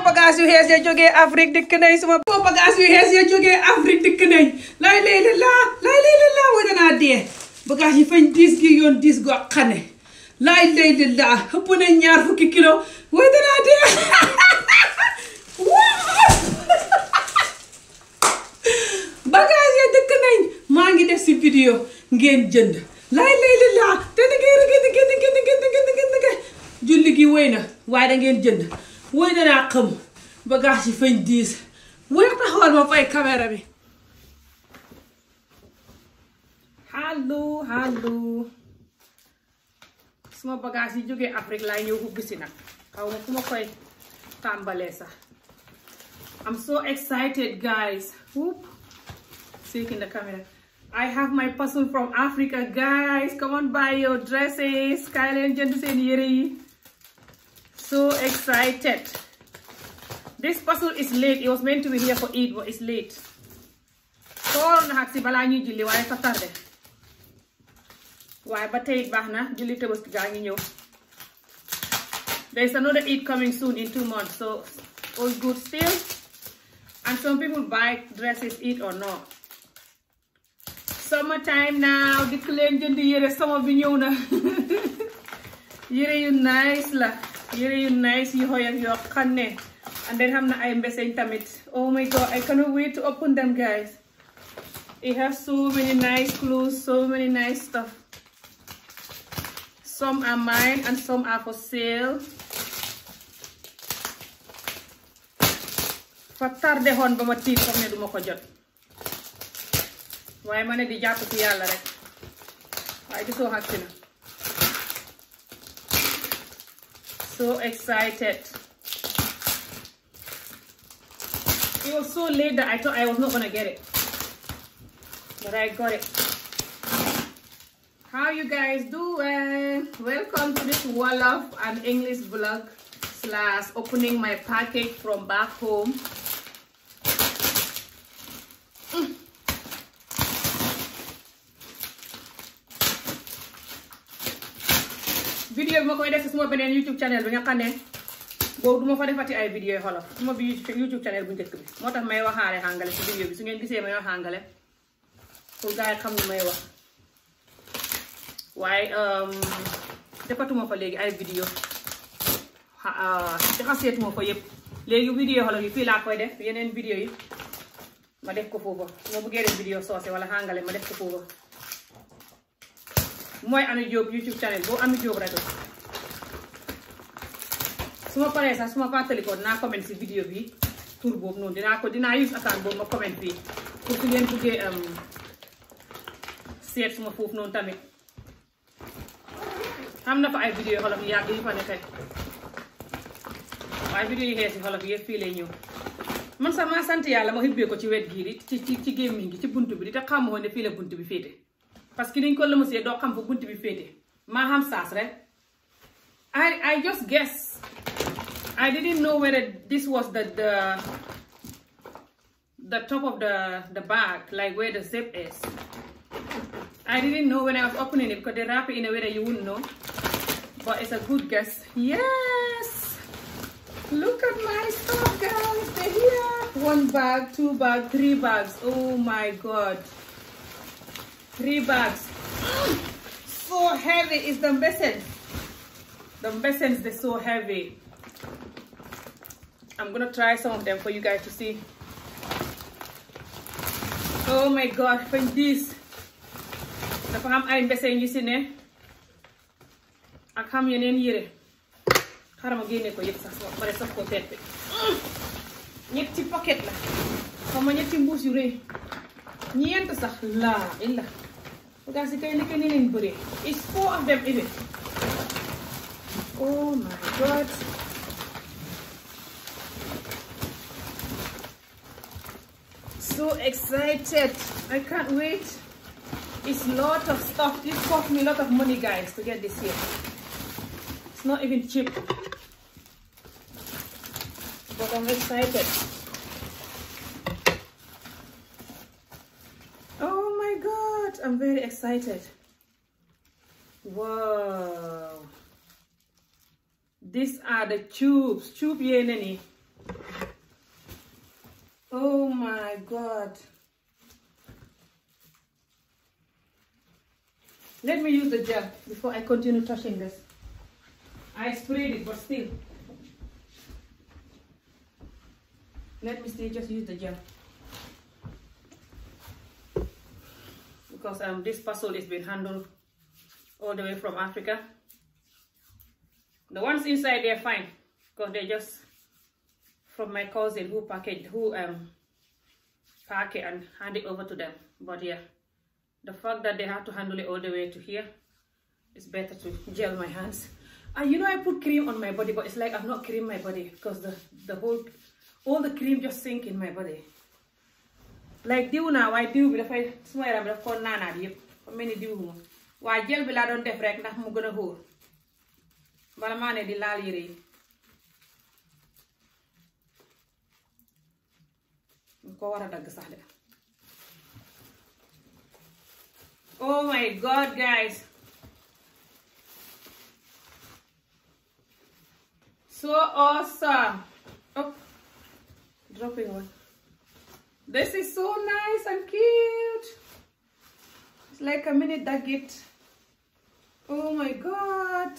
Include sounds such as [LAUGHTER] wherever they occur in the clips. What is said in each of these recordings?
sama bagage yu xees ya jógee Afrique dikk nañ sama bagage yu xees ya jógee Afrique dikk nañ lay lay la laa lay lay la laa wala naa dee bagage yi fañ diis gi yoon diis go xane laay lay la laa ëpp ñaar fukki kilo wala dee bagage ya dikk nañ maa ngi def si vidéo ngeen jënd laay lay la laa te ni ngeen di julli gi wéy na waaye da ngeen jënd Where did I come? But fañ you wér this. Where the hell caméra I allo allo suma bagage yi jógee Afrique yung ñëw ubbi si nag xaw ma fu ma I'm so excited guys whoop in the camera I have my parcel from Africa guys come on buy your dresses kaay and jënd so excited. This parcel is late. It was meant to be here for 8, but it's late. Xool na xag si balaa ñuy julli waaye fa tardé waaye ba tey it na julli tabaski gaa ngi ñëw. There is another Eid coming soon in two months, so all good still. And some people buy dresses, Eid or not. Summertime now, dikk leen jënd yére sama bi ñëw na [LAUGHS] yére yu nice la yére yu nice You have your yoo and then xam na ay mbeseñ tamit oh my god I cannot wait to open them guys it has so many nice clothes so many nice stuff some are mine and some are for sale fa tardé xoon ba ma tiit foog ne duma ko jot waaye ma ne di jàpp ci yàlla rek waaye gisoo xàcc na so excited. It was so late that I thought I was not going to get it. But I got it. How you guys doing? Welcome to this Wolof and English vlog slash opening my package from back home. vidéo bi ma koy def si suma beneen YouTube channel bi nga xam ne boobu du ma fa defati ay video yi xolof suma bi YouTube channel bu njëkk bi moo tax may waxaale àngale si video, bi su ngeen gisee may wax àngale pour gars yi xam ne may wax waaye euh, defatuma fa léegi ay vidéo ci euh, xaseetuma fa yëpp léegi vidéo xolof yi fii laa koy def yeneen vidéo yi ma def ko foofa ma bëggee def vidéo soose wala àngale ma def ko foofa mooy Amie Jobe YouTube channel boo Amie Jobe rajo su ma paree sax su ma fàttalikoo naa comment si vidéo bi pour boobu noonu dinaa ko dinaa use account boobu ma comment fii pour su ngeen buggee um, seet suma foofu noonu tamit am na ko ay vidéo xolof yi yàgg yu fa nekk waaye vidéo yi xees yi yëpp fii lay ñëw man sax maa sant yàlla ma xibbee ko ci wet gii di ci ci gémmiñ gi ci bunt bi di te xamoo ne fii la bunt bi féete parce que niñ ko lëmasee doo xam fa bunt bi féete maa xam saas rek I I just guess I didn't know whether this was the, the, the top of the, the bag, like where the zip is. I didn't know when I was opening it because they wrap it in a way that you wouldn't know. But it's a good guess. Yes! Look at my stuff, guys. They're here. One bag, two bag, three bags. Oh my god. Three bags. [GASPS] so heavy is the message. The message is so heavy. I'm gonna try some of them for you guys to see. Oh my god, fañ diis dafa am ay mbeseñ yu si you. ak xam yeneen yére xaaral ma génne ko yëpp sax soo pare sax ko teet bi ñetti pocket la xam ma ñetti mbuus yu rëy ñeent sax laa illa bagaas yi is four of them even oh my god so excited. I can't wait. It's a lot of stuff. This cost me a lot of money, guys, to get this here. It's not even cheap. But I'm excited. Oh my God, I'm very excited. Wow. These are the tubes. Tube yeneni. Oh my God. Let me use the gel before I continue touching this. I sprayed it, but still. Let me still just use the gel. Because um, this parcel is being handled all the way from Africa. The ones inside, they're fine. Because they just from my cousin who packaged who um pack it and hand it over to them but yeah the fact that they have to handle it all the way to here it's better to gel my hands and you know i put cream on my body but it's like i've not creamed my body because the the whole all the cream just sink in my body like diw naa waaye diw bi dafay suma yaram bi daf ko How many do? mel ni diwuma waaye jël bi laa doon def rek ndax mu gën a xóor bala maa ne di laal yére yi oh my god guys so awesome oh dropping one this is so nice and cute it's like a mini dagget oh my god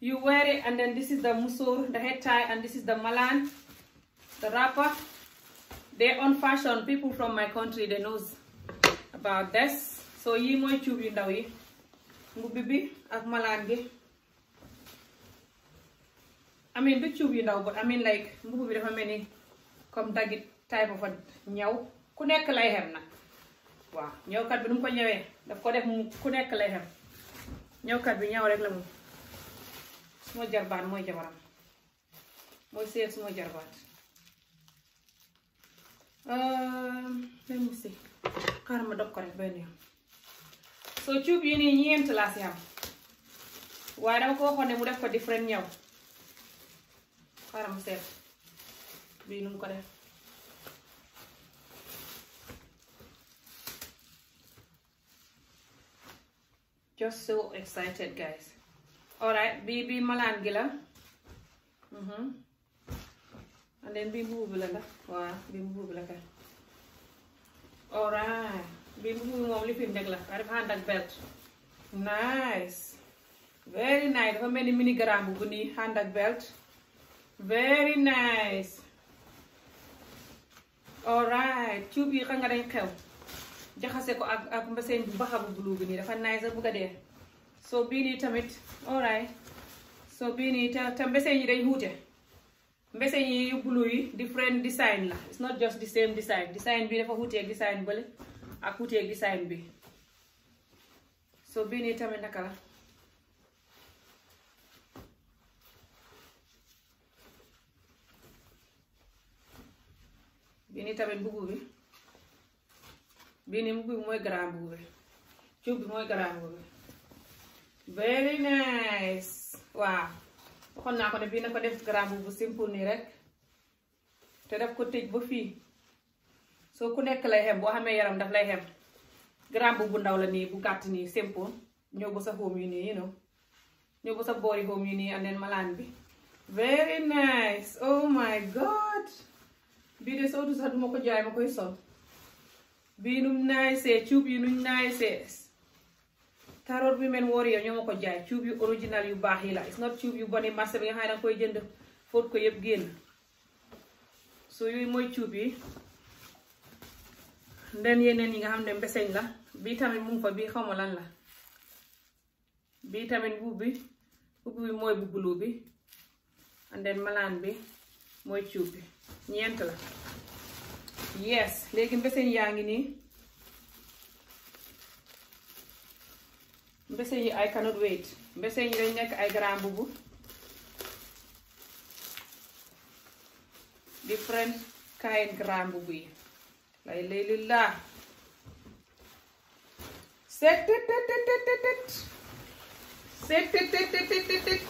you wear it and then this is the musor the head tie and this is the malan the wrapper they on fashion people from my country they knows about this so yi mooy cuub yu ndaw yi mbubbi bi ak malaan gi I mean du cuub yu ndaw but I mean like mbubb bi dafa mel ni comme dagit type of a ñaw ku nekk lay xem nag waaw ñëwkat bi nu mu ko ñëwee daf ko def mu ku nekk lay xem ñawkat bi ñaw rek la moom suma jarbaat mooy jabaram mooy seet suma jarbaat même let me see. dog ko rek benn yoon soo cuub yi nii ñeent laa si am waaye dama ko waxoon ne different ñaw ya. xaaral ma seet bii nu just so excited guys alright bii bii malaan gi and then big move la waaw big move la kay alright big move moom li fi nekk la waaye dafa ak belt nice very nice dafa mel ni mini garambu bu nii ànd ak belt very nice alright cuub yi xam nga dañ xew jaxase ko ak ak mbeseen bu baxa bu bi nii dafa nice a bugg a dee so bii nii tamit alright so bii nii te te mbeseen yi dañ xuute mbese yi yu blue yi different design la it's not just the same design design bi dafa wuteek design bële ak wuteek design bi so bii nii tamit naka la bii nii tamit mbubu bi bii nii mbubu bi mooy grand mbubu bi cub bi mooy grand mbubu bi very nice waaw wow. waxoon naa ko ne bii na ko def grand bu simple nii rek te def ko tëj ba fii soo ku nekk lay xem boo xamee yaram daf lay xem grand bu ndaw la nii bu gàtt nii simple ñëw ba sa xóom yu nii you know ñëw ba sa boori xóom yu nii andeen malaan bi very nice oh my god bii de soo du sax duma ko jaay ma koy sol bii num nice cuub yi num nice Tarot Women Warrior ñoo ma ko jaay cuub yu original yu baax yi la it's not yu bon yi marché bi nga xam ne danga ko yëpp génn so mooy cuub yi nden yeneen yi nga xam ne mbeseñ la bii tamit mu ngi fa bii xawma la bii tamit buub bi buub bi mooy malaan bi mooy cuub bi ñeent la yaa ngi nii mbese yi I cannot wait mbese yi dañ nekk ay grand bubu. different kind grand bubu. yi lay lay li laa set tet tet tet tet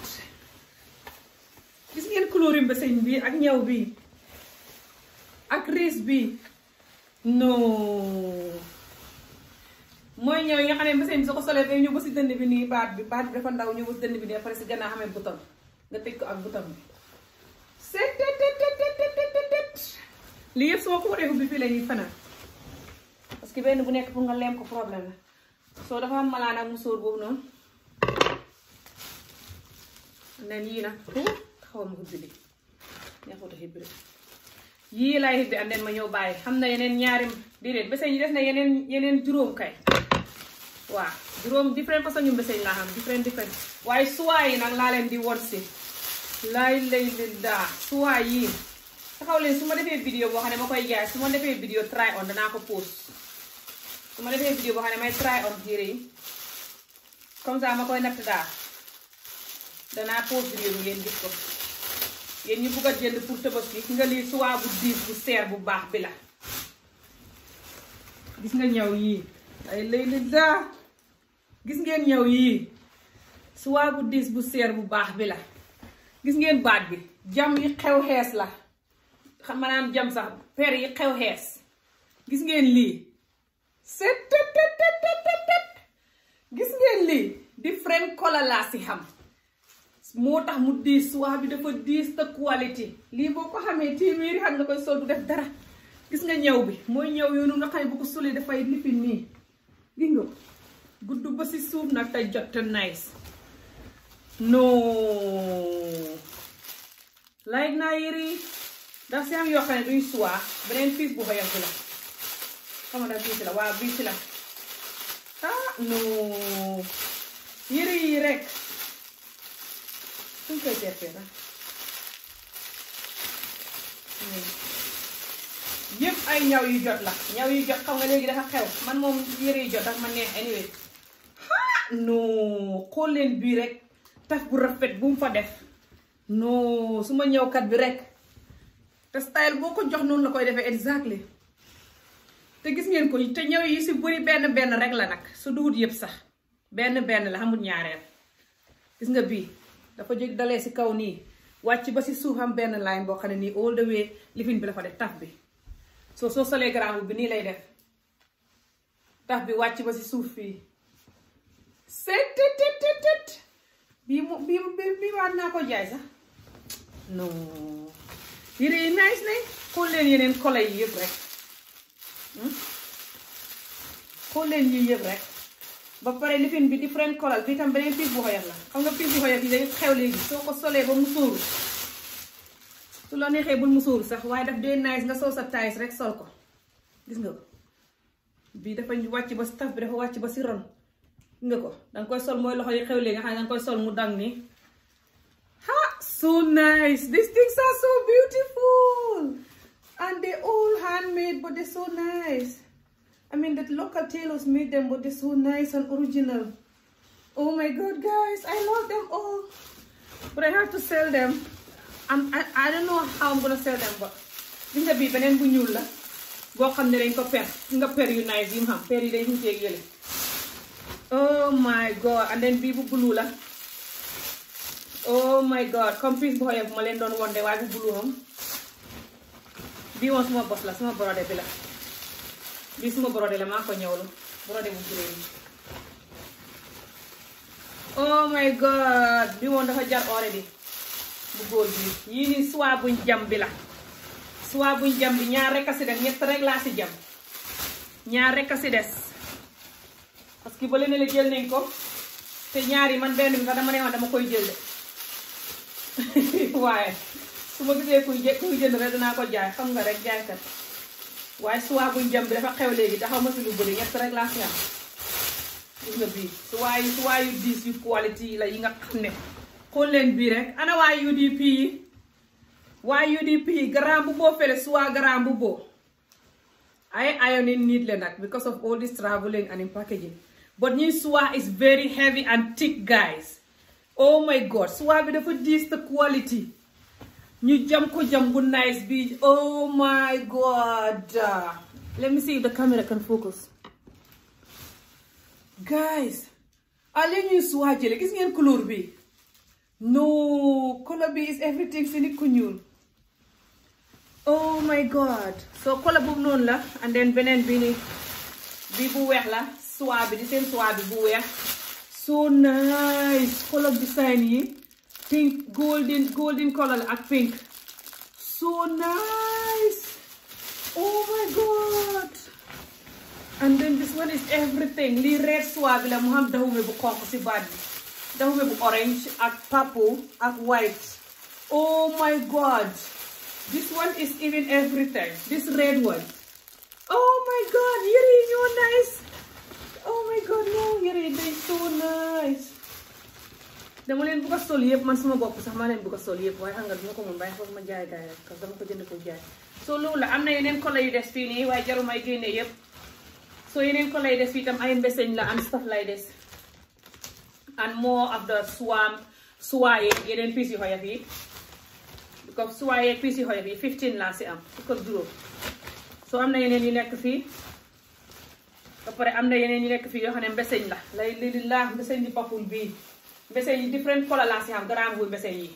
gis ngeen couleur yi bi ak bi ak bi non moy ñew yi nga xam ne machine bi su ko solee day ñëw ba dënd bi ni baat bi baat bi dafa ndaw ñu ba si dënd bi nii après ci gëna xamé bouton nga tëj ko ak bouton bi set tet tet tet tet tet lii yëpp soo ko waree ubbi fii la ñuy fanaan parce que bénn bu nekk pour nga lém ko problème la soo dafa am malaan ak musóor boobu noonu nen yii nag xaw ma ko jëli neexut a xibbi yii laay xibbi and ma ñëw baye xam na ñaarim ñaari déedéet ñi def na yenen yenen juroom kay waaw juróom different façon ñu mbeseñ laa xam different different waaye suwaay yi nag laa di worse? si laay lay li daa suwaay yi taxaw leen su ma defee vidéo boo xam ne jaay vidéo try on danaa ko post su ma defee vidéo boo may try on yére yi comme ça ma koy natt daal post vidéo bi ngeen gis ko yéen ñu bugg a jënd pour tabaski gis nga lii suwaa bu diis bu ser bu baax bi la gis nga ñaw yii ay lay li gis ngeen yow yi suwa bu dis bu ser bu bax bi la gis ngeen baat bi jam yi xew xees la xam naan jam sax per yi xew xees gis ngeen li set gis ngeen di different kolalasi la si xam moo tax mu suwa bi dafa dis te quality li boko xame xamee téeméeri xam nga koy sol du def dara gis nga ñew bi mooy ñëw yoonu bu ko sulé da fay nii nga guddu ba ci souf nak te jotta nice no like na yiri da ci am yo xane duñ duy benen fils bu xoyal ci la xam nga ci la wa bi ci la ah no yiri rek suñ ko jeexee na yep ay ñaw yu jot la ñaw yu jot xam nga léegi dafa xew man mom yëre yu jot daf man neex anyway no ko len bi rek taf bu rafet bu def no suma kat bi rek te style boko jox non la koy exactly te gis ngeen ko te ñew yi ci buri ben ben rek la nak su duut yeb sax ben ben la xamut ñaarel gis nga bi dafa jóg dalé ci kaw ni wacc ba si am ben line bo xane ni all the way lifin bi la fa def taf bi so so sale grand bi ni lay def taf bi wacc ba si suuf fi seet tet tet tet tet bii mu bii bii waat naa ko jaay sax non yére yi nice nañ xool leen yeneen kola yi yëpp rek hmm? xool leen yi yëpp rek ba pare lifin bi different color bii tam beneen piis bu xoyat la xam nga piis bu xoyat yi day xew léegi soo ko solee ba mu sóoru su la neexee bul mu sóoru sax waaye daf dee nice nga sol sa taayis rek sol ko gis nga ko bii dafa wàcc ba staf bi dafa wàcc ba si ron nga ko koy sol mooy loxo xew léegi nga xam ne koy sol mu dang nii ha so nice these things are so beautiful and they all handmade but they're so nice I mean that local tailors made them but they're so nice and original oh my god guys I love them all but I have to sell them I'm, I, I don't know how I'm gonna sell them but gis nga bii beneen bu ñuul la boo xam ne dañ ko per nga per yu nice yi mu xam per yi dañ ko yële Oh my god. And then bibu bulu blue Oh my god. Comme boy bu xoolee bu ma leen doon won de waaye bu blue moom. Bii moom suma bos la suma borode bi la. Bii suma borode la bu Oh my god. bibu udah dafa jar already. bu góor bi yii jam bi la soit jam bi ñaar rek a si si jam ñaar rek des parce que ba leen la jël nañ ko te ñaar yi man benn bi sax dama ne woon dama koy jël de [LAUGHS] waaye su ma gisee kuy jë kuy jënd rek danaa ko jaay xam nga rek jaaykat waaye suwaa buñ bi dafa xew léegi diis yu quality la yi nga xam ne xool leen rek ana waa UDP yi waa UDP yi grand bu boo fële suwaa grand bu ay ayonin nit le nag because of all this and in packaging but new soie is very heavy and thick guys oh my god soie bi dafa diis the quality New jam ko jam nice beach. oh my god let me see if the camera can focus guys ale ñuy soie jële gis ngeen couleur bi no couleur bi is everything si nit ku oh my god so couleur boobu la and then benen bi bibu weh la swabi the same swabi bu weex so nice color design here. pink golden golden color ak pink so nice oh my god and then this one is everything li red swabi la mu xam dahume bu xonq si baat bi dahume bu orange ak purple ak white oh my god this one is even everything this red one oh my god yëre you are nice Oh my god, no, Yerida is so nice. Dan yang buka soliep mas mau bawa pesah mana buka soliep wah angkat mau kumun bayar kok menjai dah kerja mau kerja nak kerja. So lu lah, amna ini kalau nih. Wah, jarum aja ini ya. So ini kalau ini destiny tam ayam besen lah, am stuff like this. And more of the swamp, swaye, ini pisi hoya bi. Because swaye pisi hoya bi, 15 lah si am, ikut dulu. So amna ini ni nak sih. ba am na yeneen yu nekk fii yoo xam ne mbeseñ la lay li laa mbeseñ di bokkul bii mbeseñ yi different color laa si xam grand bu mbeseñ yi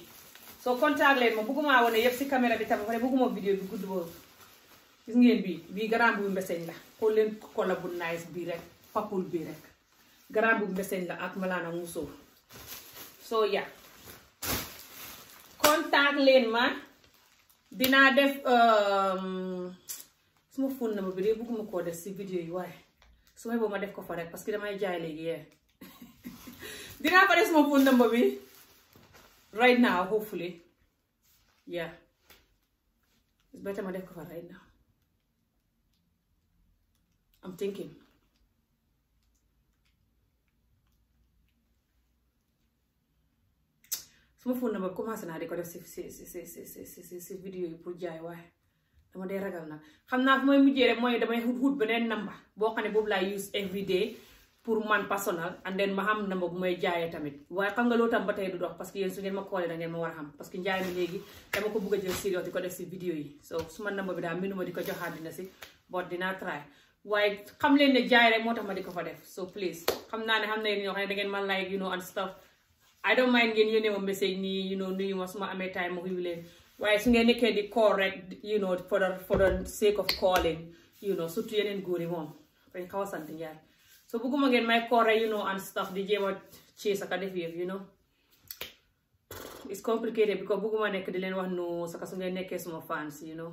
soo contact leen ma si caméra bi tam ba pare bëgguma vidéo bi gudd boobu gis la xool leen color bu bii rek papul bii rek grand la ak malaana musóor soo ya contact leen dinaa def um, suma fóon na ma bi dee bëgguma koo def si vidéo yi waaye su may boobu ma def ko fa rek parce que damay jaay léegi yee dinaa pare suma phone number bi right now hopefully yeah it's better ma def ko fa right now I'm thinking suma phone number commencé naa di ko def si si si si si si si vidéo yi pour jaay waaye dama dee ragal nag xam naa fi may mujjee rek mooy damay wut wut beneen number boo xam ne boobu laay use every day pour man personnel and then ma xam number bu may jaayee tamit waaye xam nga loolu a xam parce que njaay a jël sérieux di ko def si vidéo yi so su ma number xam leen ne jaay rek moo tax ma di ko fa def so please xam naa ne xam na yéen ñoo xam ne da ngeen ma like you know and stuff I don't mind ngeen yónnee ma message nii you know nuyu ma su ma amee time ma leen waaye su ngeen can di call correct, you know for the for the sake of calling you know so yeneen góor yi moom dañ you call something, yeah. so bëgguma again my correct, you know and stuff di jéem a ci saka you know it's complicated because bëgguma nekk one knows wax I saka su ngeen nekkee suma fans you know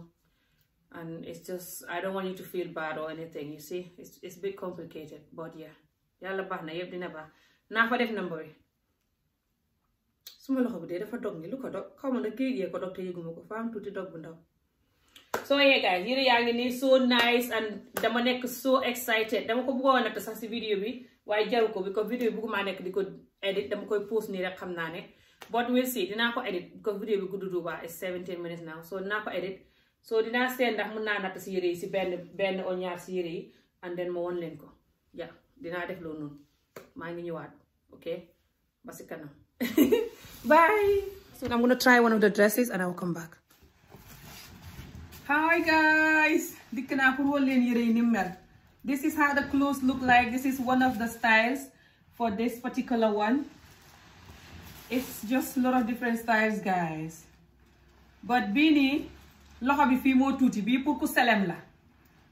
and it's just I don't want you to feel bad or anything you see it's it's a bit complicated but yeah yàlla baax na yëpp Now for the number su ma loxo bi dee dafa dog ni lu ko dog xaw ma na këyit yee ko dog te yëguma ko faam tuuti dog bu ndaw so yeah guys yére yaa ngi nii soo nice and dama nekk so excited dama ko bëggoon a sax si vidéo bi waaye jaru ko because vidéo bi bëgguma nekk di ko edit dama koy post nii rek xam naa ne but we'll see dinaa ko edit because vidéo bi gudd du waa minutes now so dinaa ko edit so dinaa seet ndax mun naa natt si yére yi si benn benn o ñaar si yére yi and then ma won leen ko ya dinaa def loolu noonu maa ngi ñëwaat ok ba [LAUGHS] Bye. So I'm gonna try one of the dresses and I'll come back. Hi guys. This is how the clothes look like. This is one of the styles for this particular one. It's just a lot of different styles guys. But bini, nii loxo bi fii moo tuuti bii pour ku selem la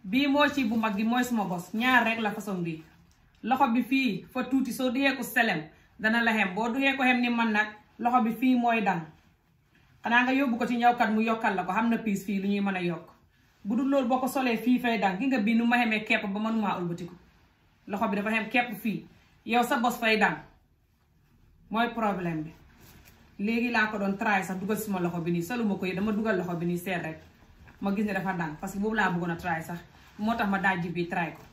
bii mo ci bu mag bi suma bos ñaar rek la façon bii loxo bi fii fa tuuti soo dee selem dana la xem boo dugee ko xem ni man nag loxo bi fii mooy dang xanaa nga yóbbu ko ci ñawkat mu yokkal la ko xam na piis fii lu ñuy mën a yokk bu dul loolu boo ko solee fii fay dang gi nga bii nu ma xemee kepp ba mënumaa ulbatiku loxo bi dafa xem kepp fii yow sa bos fay dang mooy problème bi léegi laa ko doon try sax dugal suma loxo bi nii soluma ko yi dama dugal loxo bi nii seet rek ma gis ne dafa dang parce que boobu laa bëggoon a try sax moo tax ma daaj bi try ko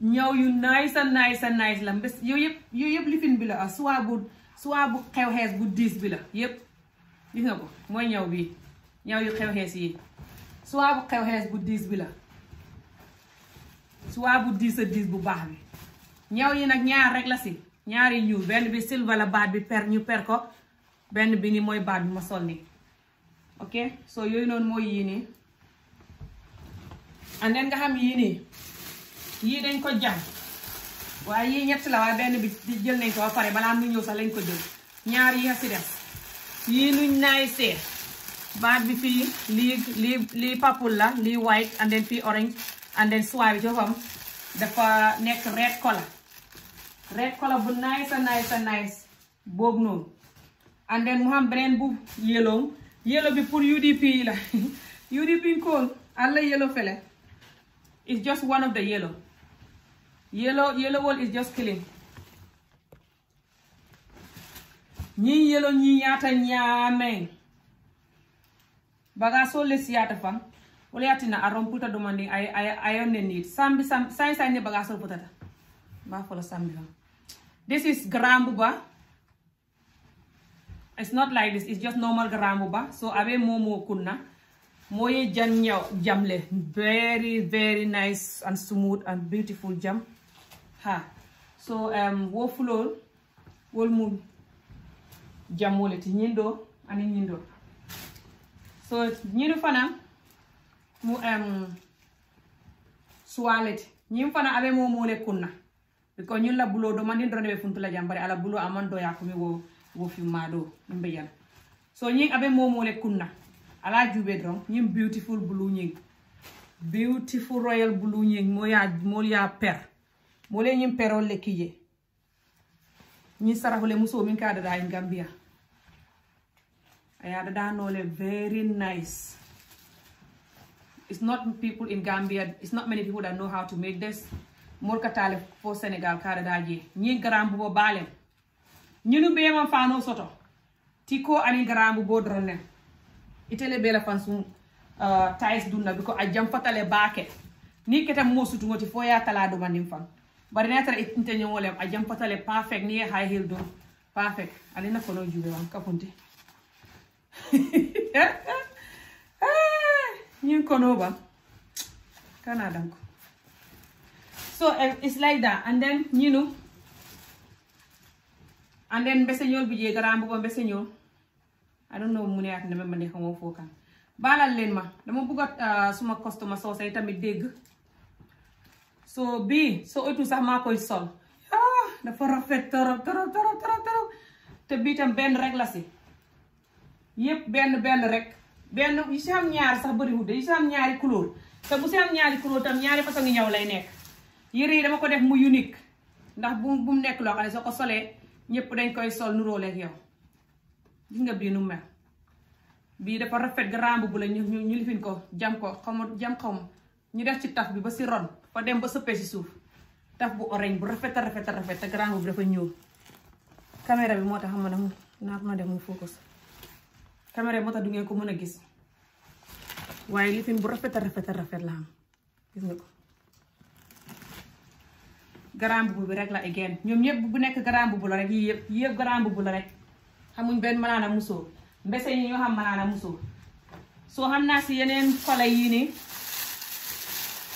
ñaw yu nice and nice and nice la mbés yooyu yëpp yooyu yëpp lifin bi la ah soit bu soit bu xew xees bu diis bi la yëpp gis ko mooy ñaw bii ñaw yu xew xees yi soit bu xew xees bu diis bi la soit bu diis a diis bu baax bi ñaw yi nag ñaar rek la si ñaari ñuul benn bi silva la baat bi per ñu per ko benn bi ni mooy baat bi ma sol nii ok soo yooyu noonu mooy yii nii and then nga xam yii nii yi dañ ko jam waye yi ñet la way benn bi jël nañ ko ba paré bala mu ñëw sa lañ ko jël ñaar yi si def yi nu ñay sé baat bi fi li li li papul la li white and then fi orange and then soie bi jofam dafa nek red color red color bu nice and nice and nice boobu noonu and then mu am benen bu yellow yellow bi pour UDP la UDP [LAUGHS] ko alla yellow fele it's just one of the yellow yellow yellow wall is just killing ñi yellow ñi ñaata ñaameng baga so les yata fam wala yatina aron puta demanding ay ay ayon ne need sambi sam sai sai ne baga so puta ba folo sambi this is grambuba it's not like this it's just normal grambuba so abe momo kunna moye jan nyaw jamle very very nice and smooth and beautiful jam ha so um, wo fulol wol mu jammole ti ñindo ani ñindo so ñinu fana mu um, suwaleti ñin fana abe mo mole kunna because ñun la bulo do mandin dorone be funtula jambare ala bulo aman do yakumi wo wo fimma do ɗum ɓe so ñin abe mo mole kunna ala juube don ñin beautiful blue ñin beautiful royal blue ñin mo ya mo ya per mole ñin perol le kije ñin saraxule muso min ka dada in gambia aya dada nole very nice is not people in gambia is not many people that know how to make this morkatale fo senegal ka dada je ñi garambubo balem ñinu mbeyemam fano soto ti ko ani garambubo dronen itele bela fansu uh, tais dunna biko a jamfatale baake ni ketam mo sutugoti fo ya tala dumandin fan barinetere ittinte ñowole a jampatale perfect ni ha hel dow perfect alina kono juuɓe wan kakunte [LAUGHS] eh, ñin kono ba kana danko so eh, it's and then ñinu and then mbeseñol bi je garambugo mbeseñol i don't know mu ne at ne memma ne xamoo foo kan baalal leen ma dama bugg a ah, suma customer soosay tamit dégg so bi so itu sax maa koy sol ah dafa rafet torop torop torop torop torop te bi tam ben rek la si yep benn ben rek ben yi si am ñaar sax hude, de yi si am ñaari couleur te bu si am ñaari couleur tam ñaari façon ngi ñëw lay dama ko def mu unique ndax bu bu nek lo loo xam ne soo Yep, solee ñëpp dañ koy sol nuróole ak yow gis nga bii nu mel bii dafa rafet grand bu la ñu ñu lifin ko jam ko xaw jam xaw ma ñu def ci taf bi ba si ron ba dem ba sëppee ci souf taf bu orange bu rafet rafet rafet te grand bu dafa ñëw caméra bi motax tax xam na naa ko mën mu focus caméra motax du ngeen ko mëna gis waaye lifin bu rafet rafet rafet la am gis nga ko grand bu bi rek la again ñom ñepp bu nekk grand bu la rek yépp yépp yëpp grand bu la rek xamuñ ben manana muso. mbese ñi ñu xam manana muso so xamna ci yenen yeneen fale yii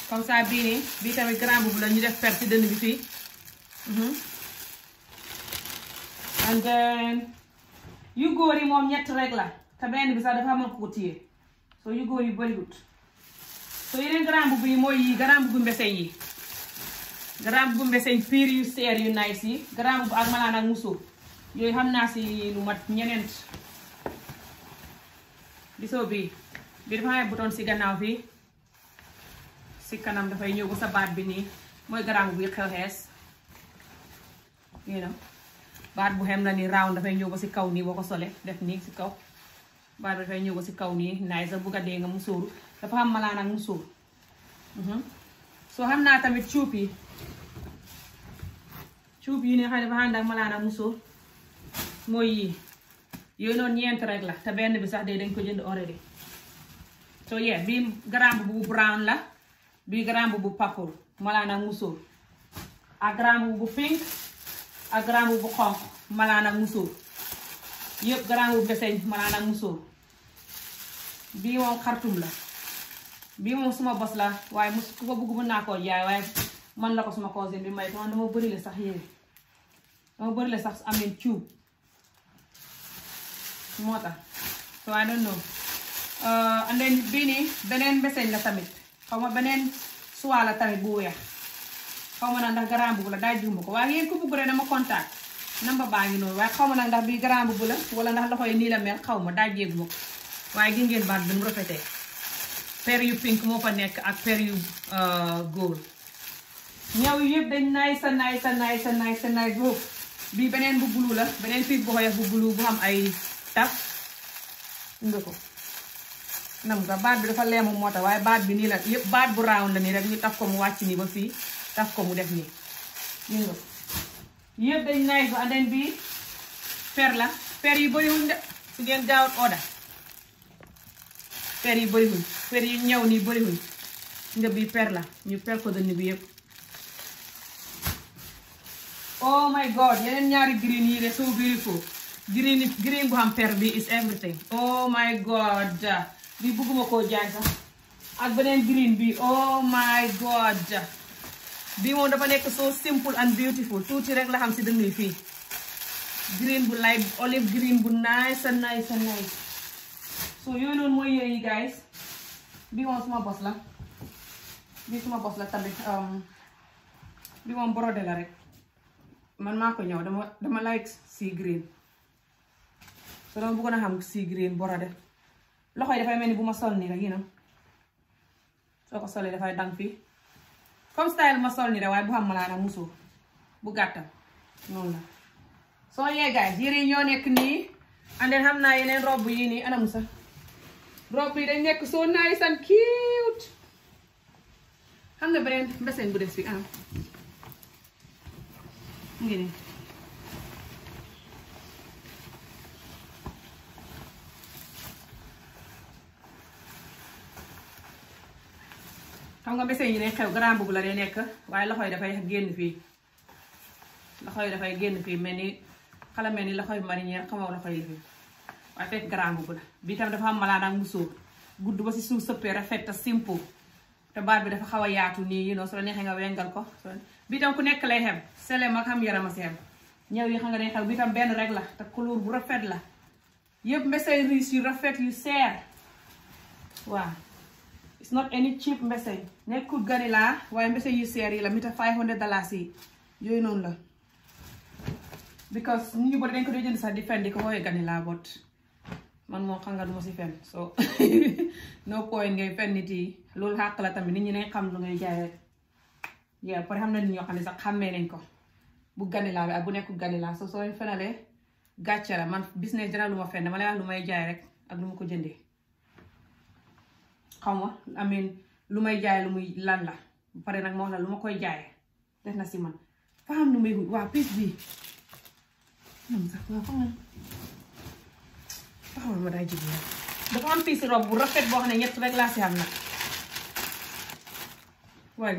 comme ça bi ni bi tamit grand boobu la ñu def perte dënd bi hmm and then yu goori mom ñett rek la ta benn bi sax dafa am ko tiyé so yu goori yi bëriwut so yeneen grand boobu yi moy yi grand boobu mbeseñ yi grand yu ser yu nice yi grand boobu ak malana ak musóor yooyu xam si lu mat ñeneent gisoo bi bi dafa ay bouton ci gannaaw fi si kanam dafay ñëw ba sa baat bi nii mooy garang bi xew xees you know baat bu xem na ni round dafay ñëw ba si kaw nii boo ko sole def nii si kaw baat bi dafay ñëw ba si kaw nii naay sa bugga dee nga musóoru dafa xam malaan ak musóor mhm. soo xam naa tamit cuub yi cuub yi ne xam ne dafa ànd ak malaan ak musóor mooy yii yooyu noonu ñeent rek la te benn bi sax day dañ ko jënd already so yeah bii garamb bu brown la bi gram bu purple malana muso ak gram bu pink ak gram bu xonk malana muso yeb gram bu beseñ malana muso bi mom xartum la bi mom suma boss la waye musu ko bëgg mën na ko jaay waye man la ko suma cousin bi may ko dama bari le sax yéne dama bari le sax amel ciou mota so i don't know euh and bi ni benen beseñ la tamit xaw ma beneen suwaa la tamit bu weex xaw ma nag ndax grand boobu la daay jumb ko waaye yéen ku bugg rek dama contact namba baa ngi noonu waaye xaw ma nag ndax bii grand boobu la wala ndax loxo yi nii la mel xaw ma daay jéeg ko waaye gis ngeen baat bi mu rafetee per yu pink moo fa nekk ak per yu euh, góor ñaw yëpp dañ naay sa naay sa naay sa naay sa bii beneen bu bulu la beneen piis boo xoyof bu bulu bu am ay taf nga ko nam nga baat bi dafa lemu mota waye baat bi ni la yeb baat bu round ni rek ñu taf ko mu wacc ni ba fi taf ko mu def ni ñu ngi yeb dañ nay fa anden bi fer la per yu bëriwuñ de su ngeen gaawut oda per yu bëriwuñ per yu ni bari bëriwuñ nga bi fer la ñu fer ko dañ bi yeb oh my god yeneen ñaari green yi de so beautiful green green bu am fer bi is everything oh my god bi bëgguma koo jaay sax ak benen green bi oh my god bi mo dafa nek so simple and beautiful tuh rek la xam si dënn fi green bu light olive green bu nice and nice and nice so you know moy yére guys bi moom suma bos la bi suma bos la tamit um, bi moom brodé la rek man mako ñew dama dama like sea green so dama bëggoon ham xam sea green brodé loxo yi dafay mel ni bu ma sol nii rek yi na soo ko solee dafay dang fii comme style ma sol nii rek waaye bu xam malaan a bu gàttal noonu la soo yeegaay yére yi ñoo nekk nii andeen xam naa yeneen robb yi nii ana musa robb yi dañ nekk soo nice san cute xam nga beneen mbeseen bu des bi anam ngi nii xam nga mbese yi day xew grand boobu la day nekk waaye loxo yi dafay génn fii loxo yi dafay génn fii mel ni xala mel ni loxo yu marinière xamoo loxo yi fii waaye fekk grand boobu la bii tam dafa am malaan ak musóor gudd ba si suuf sëppee rafet te simple te baat bi dafa xaw a yaatu nii yéen su la neexee nga wengal ko bii tam ku nekk lay xem sele mag xam yaram a xem ñëw yi xam nga day xew bi tam benn rek la te couleur bu rafet la yépp mbese riche yu rafet yu seer it's not any cheap mbese nekkut ganilaa waaye mbese yu seer yi la mita five hundred dollars yi yooyu noonu la because nit ñu bari dañ ko dee jënd sax di fen di ko woowee ganilaa bot man moom xam nga du si fen so [LAUGHS] no point ngay fen nit loolu xàq la tamit nit ñi nañ xam lu ngay jaayee yeah pare xam na nit ñoo xam ne sax xàmmee nañ ko bu ganilaa bi ak bu nekkut ganilaa so soo fenalee gàcce la man business dina lu ma fen dama lay wax lu may jaay rek ak lu ma ko jëndee xaw ma amin lu may jaay lu muy lan la ba pare nag ma la lu ma koy jaay def na si man fa am lu may waa piis bii taxawal ma daa jig nag dafa bu rafet boo xam ne ñett rek laa si am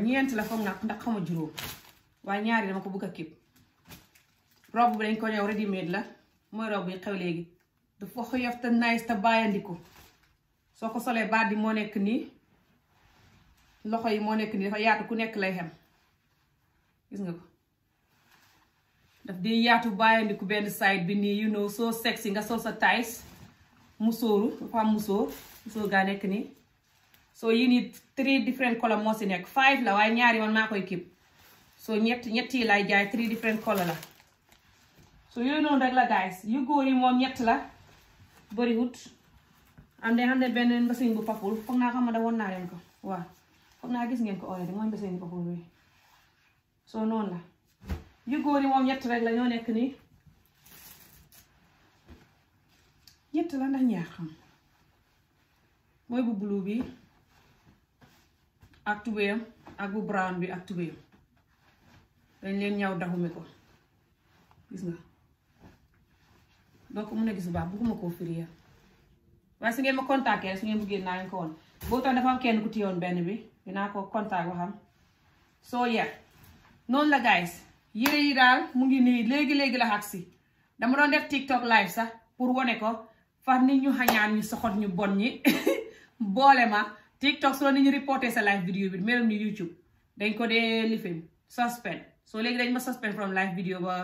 ñeent la foog nag ndax xama juróom waaye ñaari dama ko bëgg a képp rob bi dañ ko ñëw ready made la mooy rob bi xew léegi dafa xoyof te nice te bàyyandiku soo ko solee baat bi moo nekk nii loxo yi moo nekk nii dafa yaatu ku nekk lay xem gis nga ko daf di yaatu ku benn side bi nii you know soo sexy nga sol sa taille musóoru dafa am musóor musóor gaa nekk nii soo yii nii three different color moo si nekk five la waaye ñaari man maa koy képp soo ñett ñett lay jaay three different color la so yooyu noonu rek la guys yu góor yi moom ñett la bëriwut am day xam ne benn mbasin bu papul foog naa xam ma da woon ko waaw foog naa gis ngeen ko already mooy mbasin bu papul bi soo noonu la yu góor moom ñett rek la nekk nii ñett la ndax ñaar xam mooy bu blue bi ak tubéyam ak bu brown bi ak tubéyam dañ leen ñaw daxumi ko gis nga donc mun a gis bu baax bëgguma koo firi waaye su ngeen ma contacter su ngeen bëggee naa leen ko woon boo dafa kenn ku téyewoon benn bi dinaa ko contact waxam soo yer noonu la guys yére yi daal mu ngi nii léegi-léegi la xag si dama doon def tiktok live sax pour wone ko far ni ñu xañaan ñu soxot ñu bon ñi [LAUGHS] boole ma tiktok soo ni ñu reporté sa live vidéo bi melum ni youtube dañ ko dee lifin suspend soo léegi dañ ma suspend from live vidéo ba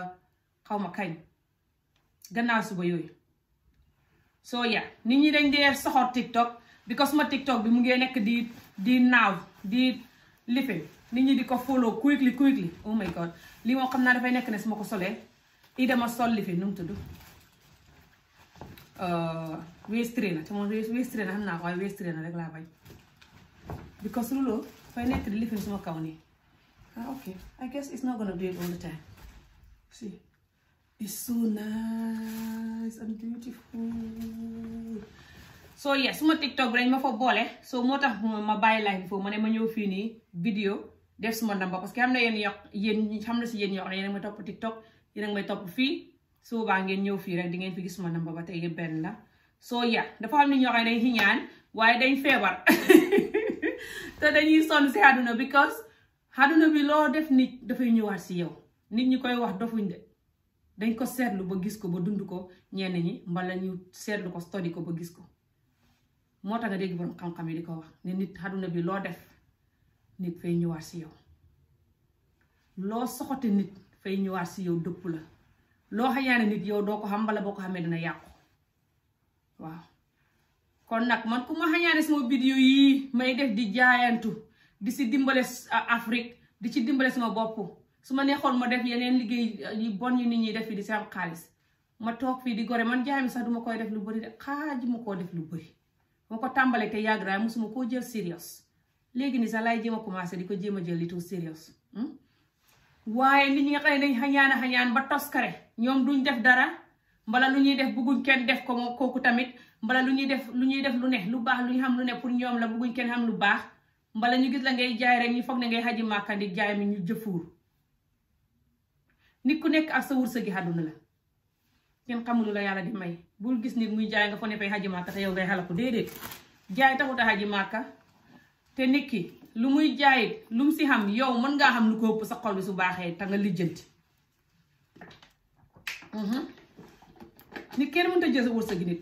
xaw ma kañ gannaaw suba yooyu so yeah nit ñi dañ dee soxor tiktok because ma tiktok bi mu ngi nekk di di naaw di lifé nit ñi di ko follow quickly quickly oh my god li mo xam naa dafay nekk ne su ma ko solee i dama sol lifé nu mu tudd uh, westré na te moom westré na xam naa ko waaye westré na rek laa bañ because lulu fay nekk di lipin suma kaw nii ah ok i guess it's not gonna do it all the time see It's so nice and beautiful. so yes suma tiktok brand ma fa bolé. so motax ma bàyyi live fo mané ma ñew fii nii vidéo def suma ndamba parce que amna yeen yéen yeen yéen xam na si yeen yokk top yéen a tiktok yeen a may top fi. so ba ngeen ñew fi rek di ngeen fi gis suma ndamba ba tay yëpp la so ya dafa am ni ñoo xam ne dañ xiñaan waaye dañ feebar [LAUGHS] te dañuy son ci haduna because haduna bi lo def nit fay ñewat ci yow nit ñi koy wax dofuñ de dañ ko seetlu ba gis ko ba dund ko ñenn ñi mbala ñu seetlu ko study ko ba gis ko moo tax nga dégg borom xam-xam yi di ko wax ne nit xaduna bi loo def nit fay ñëwaat si yow loo soxote nit fay ñëwaat si yow dëpp la loo nit yow doo ko xam mbala boo ko xamee dina yàqu waaw kon nag man ku ma xañaane sama video yi may def di jaayantu di si dimbale Afrique di ci dimbale sama bopp suma ma ma def yeneen liggey yi bon yu nit ñi def fi di seen xaalis ma tok fi di gore man jaay mi sax duma koy def lu bari de xaaju ma def lu bari ma tambale te yagra naa musuma ko jël serious legui ni sa lay jema a commencé di ko jël li too serious hmm? waye nit ñi nga xane dañ hañana hañan ba toskare ñom duñ def dara mbala luñuy def bugun kenn def ko koku tamit mbala luñuy def luñuy def lu neex lu baax luñu xam lu neex pour ñom la bëgguñ kenn xam lu baax mbala ñu gis la ngay jaay rek ñu fogg na ngay haji màkka jaay mi ñu jëfuur nit ku nek ak sa wërsëgi àdduna la ken xamul la yalla di may bul gis nit muy jaay nga fa ne fay xaji màkka te yow ngay halaku déedéet jaay taxut a xaji màkka te nit lu muy jaay lu mu si xam yow man nga xam lu ko upp sa xol bi su baxé ta nga lijjanti mhm. nit kenn mënta jël sa wërsëgi nit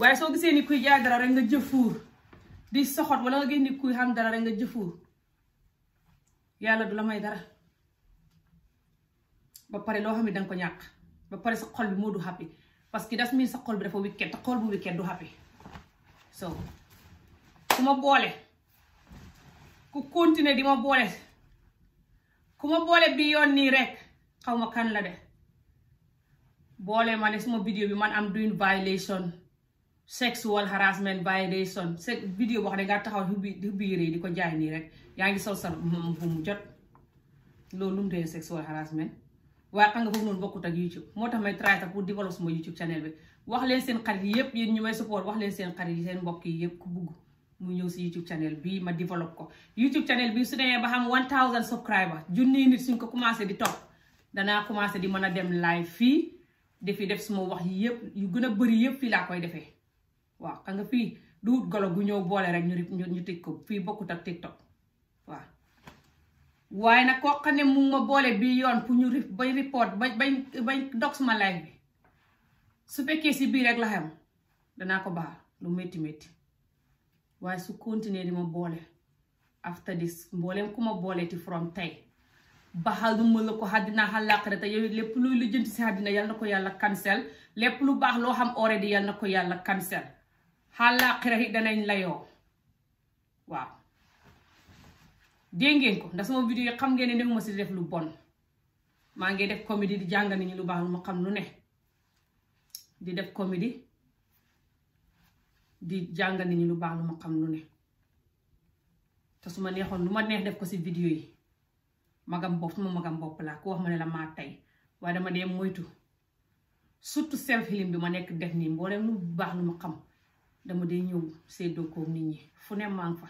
waaye so gisee ni kuy jaay dara rek nga jëfuur di soxot wala nga gis ni kuy xam dara rek nga jëfuur yalla du may dara ba pare loo xam ne danga ko ñàq ba pare sa xol bi moo du happy parce que das mii sa xol bi dafa wicked te xol bu wicked du happy so ku ma boole ku continuer di ma boole ku ma boole bi yoon nii rek xaw ma kan la de boole ma ne suma vidéo bi man am doing violation sexual harassment violation se vidéo boo xam ne nga taxaw di biiree di ko jaay nii rek yaa ngi sol sa bu mm, mu mm, mm, jot loolu lu mu dee sexual harassment waaye xam nga foofu noonu bokkut ak YouTube moo tax may traité pour développer sama YouTube channel bi wax leen seen xarit yi yëpp yéen ñu may support wax leen seen xarit yi seen mbokk yi yëpp ku bugg mu ñëw si YouTube channel bii ma développe ko. YouTube channel bi su demee ba xam 1000 subscriber junni nit suñ ko commencé di topp danaa commencé di man a dem live fii defi def su ma wax yi yëpp yu gën a bëri yëpp fii laa koy defee waaw xam nga fii du wu golo ñëw boole rek ñu ñu tëj ko fii bokkut ak TikTok. waaye nag ko xam ne mu ma boole bi yoon pour ñu bañ report bañ bañ bañ dog sama live bi su fekkee si biir rek la xam danaa ko baal lu métti metti waaye su continuer di ma boole after this mbooleem ku ma boolee ti from tey baxal nu ma la ko àddina àllaaxira te yow lépp luy lijjanti si àddina yal na ko yàlla cancel lépp lu baax loo xam already yal na ko yàlla cancel àllaaxira yi danañ layoo waaw dengen ko ndax sama video xam ngeen ne nekkuma si def lu bon ma ngi def comédie di jang nit ñi lu baax ma xam lu ne di def comédie di jang nit ñi lu baax lu ma xam lu ne ta suma neexon neex def ko si video yi magam bop suma magam bop la ko wax ma ne la ma tay waaye dama dem moytu surtout self healing bi ma nek def ni mbolem lu baax lu ma xam dama dee ñëw séddoo ko nit ñi fu ne ma fa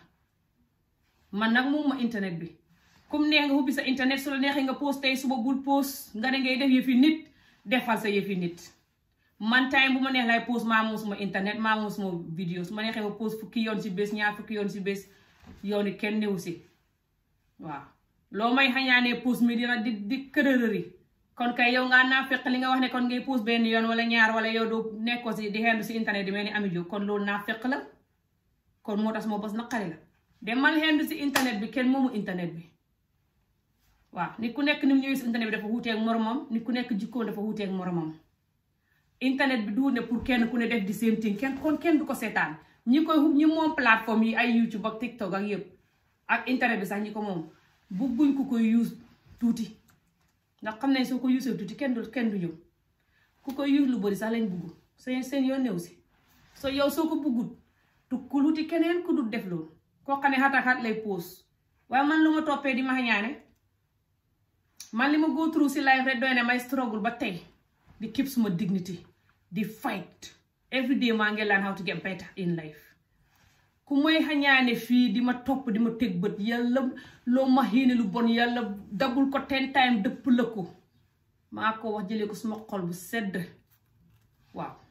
man nag internet bi kum neex nga hubisa sa internet solo la nga post suba bul post nga ne ngay def yefi nit defal sa yefi nit man time bu ma neex lay post ma moom suma internet maa mo suma vidéo su ma ma post fukki yon si bes ñaar fukki yon ci bes yoni ken neew ci wa lo may hañane post mi dina di di kon kay yow nga nafiq li nga wax ne kon ngay post ben yon wala ñaar wala yow do nekkoo di hendu si internet di melni ni kon lo naa la kon motax mo pas nakari la demal xendu si internet bi kenn moomu internet bi waaw nit ku nekk ni mu ñëwee si internet bi dafa wuuteeg moromam nit ku nekk jikkoom dafa wuuteeg moroomam internet bi du ne pour kenn ku ne def di same thing kenn kon kenn du ko seetaan ñi koy ñi moom plateforme yi ay YouTube ak TikTok yëpp ak internet bi sax ñi ko moom bëgguñ ko koy use tuuti ndax xam nañ soo ko usee tuuti kenn du kenn du ñëw ku koy use lu bari sax lañ bëgg seen seen yoon néew si so yow soo ko bëggut tu ku luuti keneen ku dul def loolu. kokkane hata hat lay pose waye man luma toppe di mahañane man lima go trou si life rek doyne may struggle ba tey di keeps ma dignity di fight everyday ma nge lan how to get better in life ku moy hañane fi di ma topp di ma teg bët yalla lo ma hiine lu bon yalla dabul ko ten time depp lëkku maa ko wax jëlee ko suma xol bu sedd waaw wow.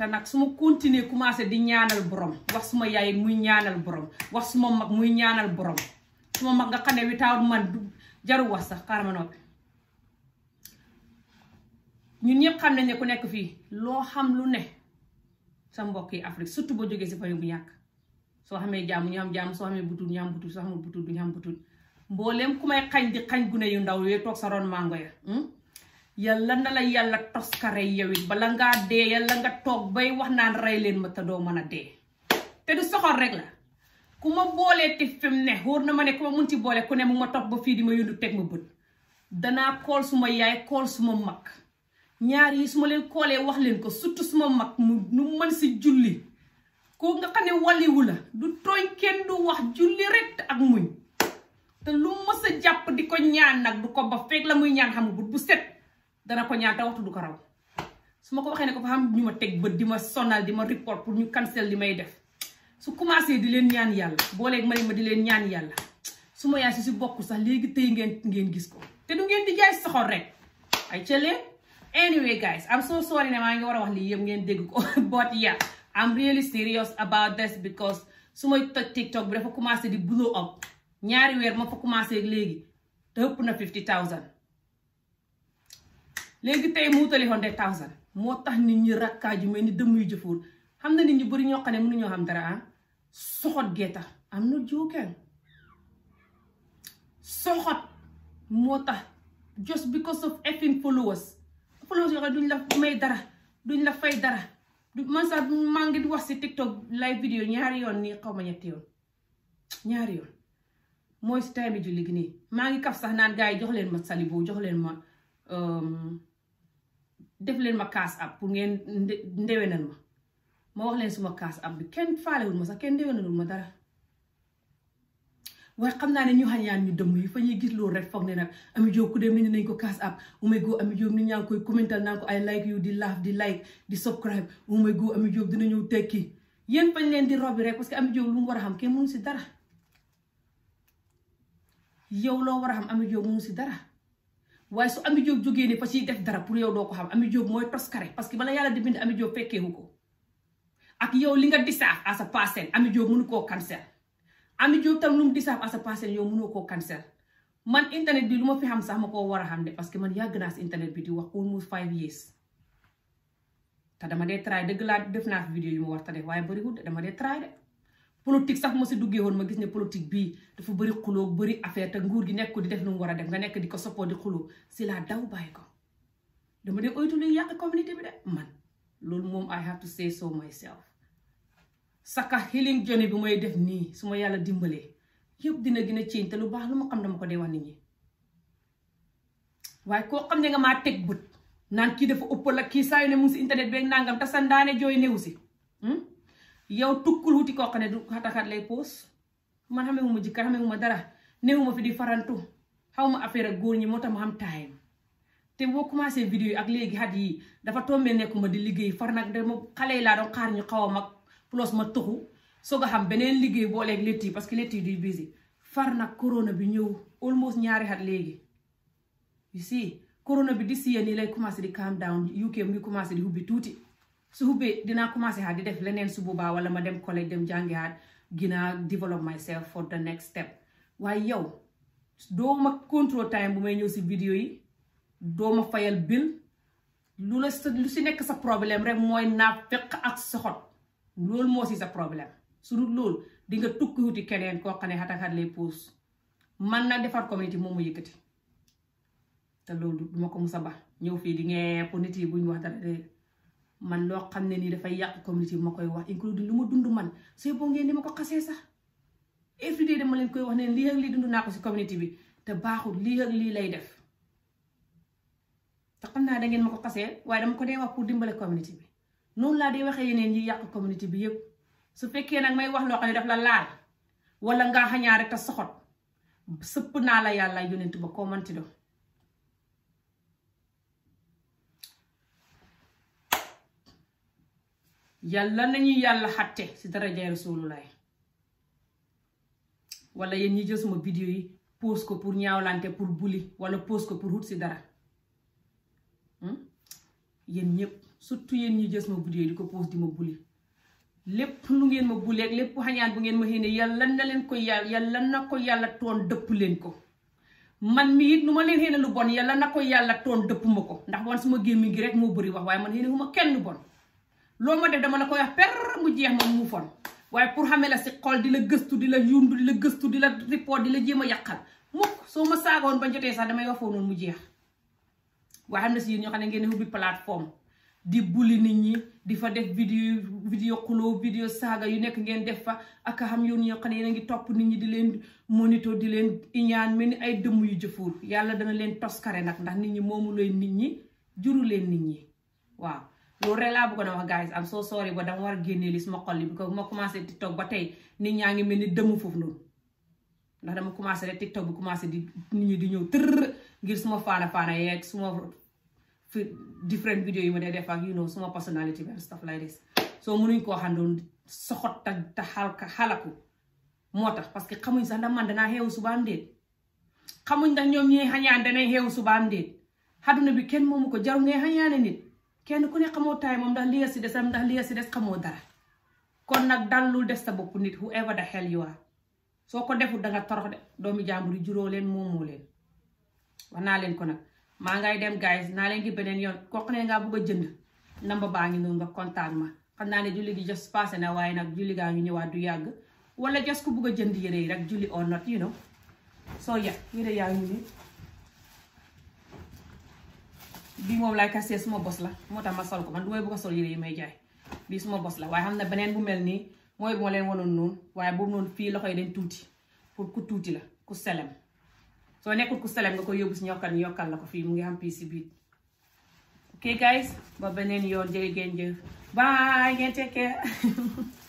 té nak suma continuer commencé di ñaanal borom wax suma yaay muy ñaanal borom wax suma mag muy ñaanal borom suma mag nga xane wi taw man jaru wax sax xarama nopi ñun ñepp xam nañ ne ku nekk fi lo xam lu ne sa mbokk yi afrique surtout bo joggé ci famille bu ñak so xamé jamm ñu am jamm so xamé butut ñam butut du ñam butut di xagn gune yu ndaw yooyu tok sa ron mango ya hmm? Yalla na la yalla toskare yow it bala yalla dee yàlla nga tok bay wax nan ray len ma ta do meuna de te du soxor rek la kuma bolé ti fim ne na ma ne munti bolé ku ne mu ma ba fi di ma yundu tek ma bët dana kol suma yaay kol suma mak ñaar yi suma len kolé wax len ko sutu suma mak nu man si julli ko nga xane wula, wula du toñ ken du wax julli rek ak muñ te lu ma sa japp diko ñaan nak du ko ba fek la muy ñaan xam bu set dana ko ñaata waxtu du ko raw su ko waxé ne ko fa xam ñu ma di ma sonal di ma report pour ñu cancel li may def su commencé di leen ñaan yàlla ak mari ma di leen ñaan yalla suma ma ci si si sax léegi tey ngeen ngeen gis ko te du ngeen di jaay saxor rek ay ca anyway guys I'm so sorry ne ma nga wara wax li yëpp ngeen dégg ko [LAUGHS] but yeah I'm really serious about this because suma tok TikTok bi dafa commencé di blow up ñaari wër ma fa commencé léegi te upp na 50000 léegi tay mu wutali hundred thousand moo tax nit ñi rakka ju ni dëmm yu jëfuur xam na nit ñi bari ñoo xane mënu xam dara ah soxot gee tax am na soxot motax just because of effing followers followers yo duñ la may dara duñ la fay dara man sa ma ngi wax ci tiktok live video ñaari yoon ni xawma ñetti yoon ñaari yoon moy stay time bi julli gni ma ngi kaf sax naan gaay jox leen ma salibu jox leen ma um, def leen ma cash app pour ngeen ndewenal ma ma wax leen suma cash app bi kenn faalewul ma sax kenn ndewenalul ma dara waaye xam naa ne ñu xañyaan ñu dëmm yi fa ñuy gis loolu rek foog ne nag ami Jobe ku dem nañ ko cash app wu may goo Amie koy commental naa ko ay like you di laugh di like di subscribe wu may goo Amie Jobe dina ñëw tekki yéen fañ leen di robi rek parce que Amie Jobe lu war a xam kenn nu si dara yow loo war a xam Amie Jobe mënu si dara waaye su Ami job jogé ni fa ci def dara pour yow doo ko xam Ami job moy toskare parce que bala yalla di bind Ami job féké huko ak yow li nga disaf à sa passé Ami job mënu ko cancel Ami job tam lu mu disaaf à sa passé yow mënu ko cancel man internet bi luma fi xam sax mako wara xam dé parce que man yag naa si internet bi di wax mou 5 years ta dama dé try deug la def na video yu mu war ta def waye bari wut dama dé try dé Politik sax mo ci duggé won ma gis né politique bi dafa bari xulo bari affaire ta nguur gi nek ko di def nu wara def nga nek di ko soppo di xulo ci la daw bay ko dama dé oytu lu yak communauté bi dé man lool mom i have to say so myself saka healing journey bi moy def ni suma yalla dimbalé yépp dina gëna ciñ té lu bax lu ma xam dama ko dé wax nit way ko xam né nga ma tek but nan ki dafa uppal ak ki sayone mu ci internet bé nangam ta sandane joy newusi hmm yow tukkul wuti koo xam ne du xataxat lay poos man xamee wu ma jëkkër xamee wu ma dara néewu ma fi di farantu xaw ma affaire ak góor ñi moo tax ma am time te boo commencé vidéo yi ak léegi xat yi dafa tombé nekkuma di liggéey far nag dama xale laa doon ñu xaw a mag plus ma tuxu soog a xam beneen liggéey booleeg létt yi parce que létt yi duy busy far nag corona bi ñëw almost ñaari xat léegi you see corona bi di si yéen nii lay commencé di calm down UK mu ngi commencé di ubbi tuuti. su xubbee dina commencé ha di def lenen su boba wala ma dem collège dem jangé ha gina develop myself for the next step way yow do ma control time bu may ñew si vidéo yi do ma fayal bill lu la sa lu ci nek sa problème rek moy na fekk ak xot lool mo si sa problème su dul lool di nga tukki wuti keneen ko xane hata les pouces man na defar community mo mu té lool loolu duma ko musa ba ñew fi di ngee nit yi buñ wax dara man lo xamne ni nii dafay community bi ma wax include lu ma dund man c'est bon ngeen ni mako xasse sax every dama len koy wax ne li ak li dund ko si community bi te baxul li ak li lay def ta xamna da ngeen mako xasse xasee dama ko day wax pour dimbalé community bi non la dee waxee yeneen yi yak community bi yëpp su fekkee nak may wax lo. xam daf la laal wala nga xañaa rek soxot la yalla yonentou ba yàlla nañu yàlla xatte si dara darajaay Rasulullah wala yéen ñi jël sama vidéo yi poos ko pour ñaawlante pour buli wala poos ko pour wut si dara hmm? yéen ñëpp surtout yéen ñi jël sama vidéo yi di ko poos di ma buli lépp lu ngeen ma bulee ak lépp xañaan bu ngeen ma xéene yàlla na leen ko yàlla yàlla na yàlla toon dëpp leen ko man mii it nu ma leen xéene lu bon yàlla na ko yàlla toon dëpp ma ko ndax wan suma gémmiñ gi rek moo bëri wax waaye man xéene fu ma kenn bon lo mo def dama la ko wax per mu jeex mom mu fon way pour xamee la xol di la gëstu di la yundu di la gëstu di la report di la jéem a mukk ma sagon ba jotee sax dama yofo non mu jeex waaye xamna ci si yéen xane ngeen hubi plateforme di bulli nit ñi di fa def video video xulo video saga yu nek ngeen def fa ak xam yoon ñoo xane ngi top nit ñi di leen monitor di leen iñaan mini ay dem yu jëfuur yalla dana leen toskaré nak ndax nit ñi momu lay nit ñi juru leen nit ñi waaw lu rela bu ko na wax guys I'm so sorry but dama war génné li suma xol li ko mo commencé tiktok ba tay nit ñangi melni dem fofu non ndax dama commencé tiktok bu commencé di nit ñi di ñew tër ngir suma faana faana yek suma different video yi ma def ak you know suma personality and stuff like this so mënuñ ko xandon soxot tak ta halka halaku motax parce que xamuñ sax ndam man dana xew suba am deet xamuñ ndax ñom ñi hañaan dana xew suba am deet haduna bi kenn momu ko jaru ngay hañaané nit kenn ku ne xamoo taay moom ndax liya si des am ndax liya si des xamoo dara kon nag lu des sa bopp nit whoever the hell you are soo ko deful danga torox de doomi jàmbur yi juróo leen moomoo leen wax ko nag maa ngay dem guys naa leen di beneen yoon kooku ne ngaa bugg a jënd namba baa ngi noonu nga contact ma xam naa ne julli gi just passé na waaye nag julli gaa ngi ñëwaat du yàgg wala just ku bugg a jënd yi rek julli or not you know So yeah yére yaa ngi nii bi moom laay kastee suma bos la moo tax ma sol ko man du may bëgg a sol yére yi may jaay bii suma bos la waaye xam na beneen bu mel nii mooy bu ma leen wanoon noonu waaye boobu noonu fii loxo yi dañ tuuti pour ku tuuti la ku selem soo nekkul ku selem nga ko yóbbu si yokkal ni yokkal la ko fii mu ngi am pii si biir ok guys ba beneen yoon jërë ngeen jëf ngeen take [LAUGHS]